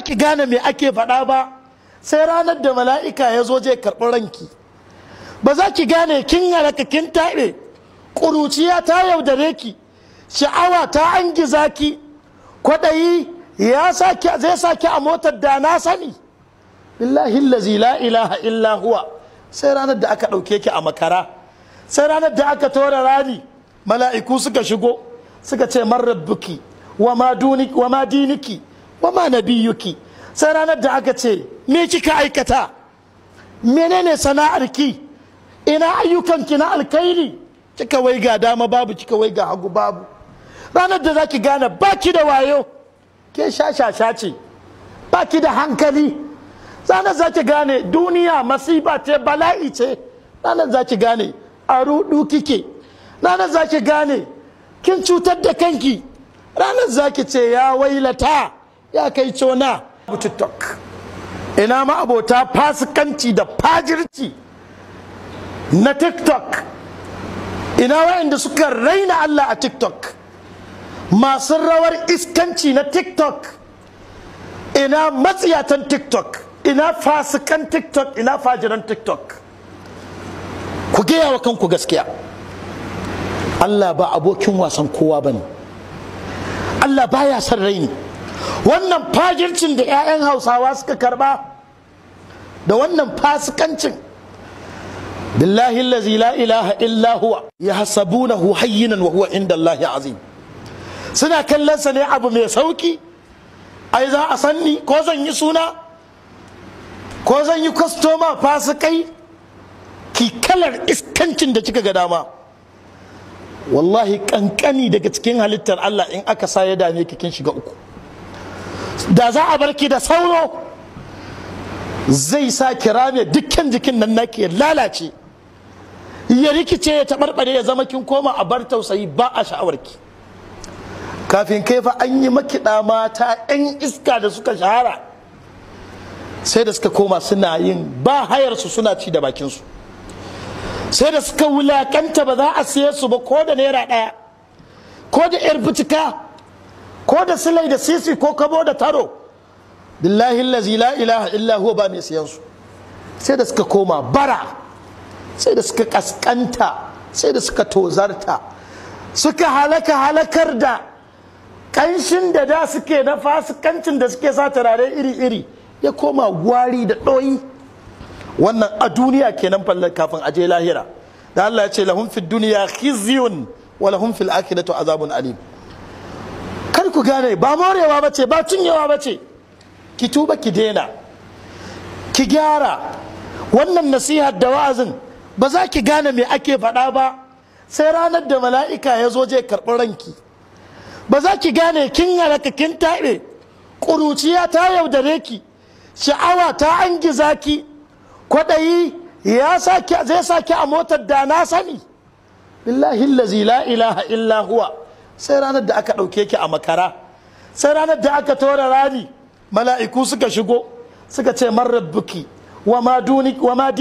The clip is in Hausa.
ki gane me ake faɗa ba sai ranar da mala'ika ya zo je karɓi ranki ba za ki gane kin halaka kin taɓe ƙuruciya ta yaudare ki sha'awa ta an ki kwaɗayi ya zai sa a motar da na sani billahi lazi la ilaha sai ranar da aka ɗauke ki a makara sai ranar da aka tora rani mala'iku suka shigo suka ce man rabbuki wa ma diniki wa ma ki? sai ranar da aka ce me kika aikata menene sana'ar ki? ina ayyukan ki na alkhairi kika wai ga dama babu kika wai ga hagu babu ranar da zaki gane baki da wayo ke shashasha ce baki da hankali ranar zaki gane duniya masiba ce bala'i ce ranar zaki gane a rudu kike ranar zaki gane kin cutar da kanki ranar zaki ce ya wailata ya kai cona tiktok ina ma abota fasikanci da fajirci na tiktok ina wayanda suka raina Allah a tiktok masu rawar iskanci na tiktok ina matsiyatan tiktok ina fasikan tiktok ina fajiran tiktok ku gaya wa kanku gaskiya Allah ba abokin wasan kowa ba ne Allah baya son raini wannan fajircin da 'ya'yan hausawa suka karba da wannan fasikancin billahi allazi la ilaha illa huwa wa huwa inda azim suna kallon sa ne abu mai sauki ai za a sanni ko zan yi suna ko zan yi kwastoma fasikai ki kalar iskancin da kika ga dama wallahi kankani daga cikin halittar Allah in aka sa ya dame ki kin shiga uku da za a ki da sauro zai sa kirame dukkan jikin nan naki ya lalace ya rikice ya taɓarɓare ya zama kin koma a bar tausayi ba a sha'awarki kafin kai fa an yi makiɗa mata 'yan iska da suka shahara sai da suka koma suna yin ba hayarsu suna ci da bakin su. sai da suka wulakanta ba za a siye su ba ko da naira ɗaya ko da 'yar fitika ko da silai da sisi ko kabo da taro billahi lazi la ilaha illa huwa ba mai siyan su sai da suka koma bara sai da suka kaskanta sai da suka tozarta suka halaka halakar da kanshin da da suke na fasikancin da suke sa turare iri-iri ya koma gwari da ɗoyi wannan a duniya kenan fallar kafin aje lahira da Allah ya ce lahum fid duniya khizyun wa lahum fil akhirati azabun alim ku gane ba morewa ba ce ba cinyewa ba ce ki tuba ki daina ki gyara wannan nasihar da wa'azin ba za ki gane me ake faɗa ba sai ranar da mala'ika ya zo je karɓi ranki ba za ki gane kin halaka kin taɓe ƙuruciya ta yaudare ki sha'awa ta an ki kwaɗayi ya zai sa ki a motar da na sani billahi la ilaha illa huwa sai ranar da aka ɗauke ki a makara sai ranar da aka tora rani mala'iku suka shigo suka ce marar buki wa ma